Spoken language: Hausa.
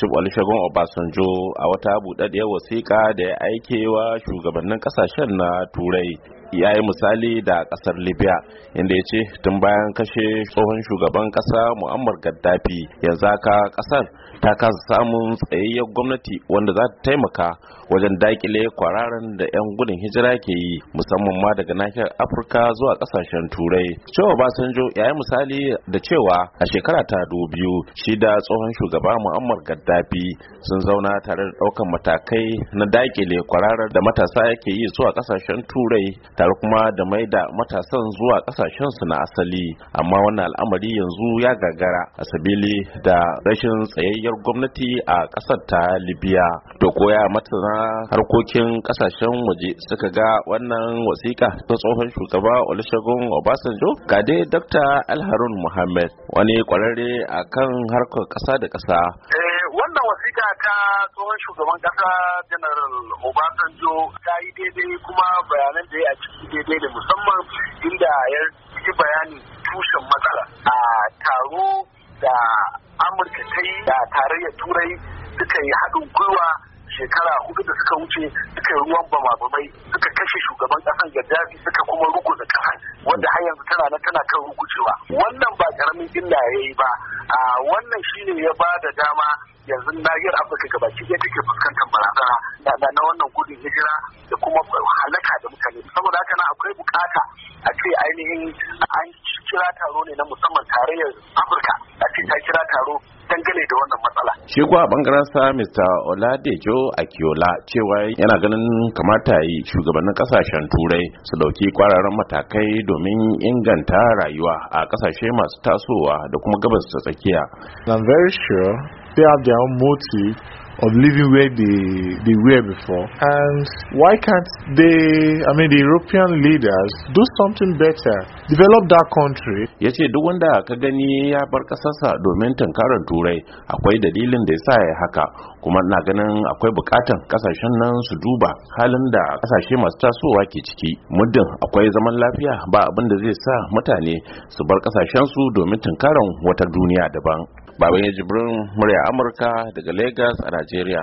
chief olusegun obasanjo a wata buɗaɗɗiyar wasiƙa da ya aikewa shugabannin ƙasashen na turai ya yi misali da ƙasar libya inda ya ce tun bayan kashe tsohon shugaban ƙasa muammar gaddafi yanzu haka ƙasar ta kasa samun tsayayyar gwamnati wanda za ta taimaka wajen dakile kwararan da 'yan gudun hijira ke yi musamman ma daga nahiyar afirka zuwa ƙasashen turai cewa basanjo ya yi misali da cewa a shekara ta dubu biyu shi da tsohon shugaba muammar gaddafi littafi sun zauna tare da ɗaukan matakai na dakile kwararar da matasa yake yi zuwa ƙasashen turai tare kuma da mai da matasan zuwa ƙasashen su na asali amma wannan al'amari yanzu ya gagara a sabili da rashin tsayayyar gwamnati a ƙasar ta libya to koya masana harkokin ƙasashen waje suka ga wannan wasiƙa ta tsohon shugaba olusegun obasanjo ga dai dr alharun muhammad wani kwararre a kan harkar ƙasa da ƙasa eh, da ta tsohon shugaban kasa janar obasanjo ta yi daidai kuma bayanan da ya a ciki daidai da musamman inda ya yi bayani tushen matsala a taro da amurka ta yi da tarayyar turai suka yi haɗin gwiwa shekara hudu da suka wuce suka yi ruwan bamabamai suka kashe shugaban kasan gaddafi suka kuma ruguza kasa wanda har yanzu tana nan tana kan rukucewa wannan ba karamin illa ya yi ba wannan shine ya ba da dama yanzu nahiyar afirka gabaki ɗaya take fuskantar barazana na wannan gudun hijira da kuma halaka da mutane saboda haka na akwai bukata a ce ainihin an kira taro ne na musamman tarayyar afirka a ce ta kira taro dangane da wannan matsala. Shi kuwa bangaren sa Mr. Oladejo Akiola cewa yana ganin kamata yi shugabannin kasashen turai su dauki kwararan matakai domin inganta rayuwa a kasashe masu tasowa da kuma gabas ta tsakiya. I'm very sure still have their own motive of living where they, they were before. And why can't they, I mean, the European leaders do something better, develop that country? Ya ce duk wanda ka gani ya bar ƙasarsa domin tunkarar turai akwai dalilin da ya sa ya haka kuma na ganin akwai bukatan kasashen nan su duba halin da kasashe masu tasowa ke ciki muddin akwai zaman lafiya ba abin da zai sa mutane su bar kasashen su domin tunkarar wata duniya daban. baban ya jibrin murya amurka daga lagos a Najeriya.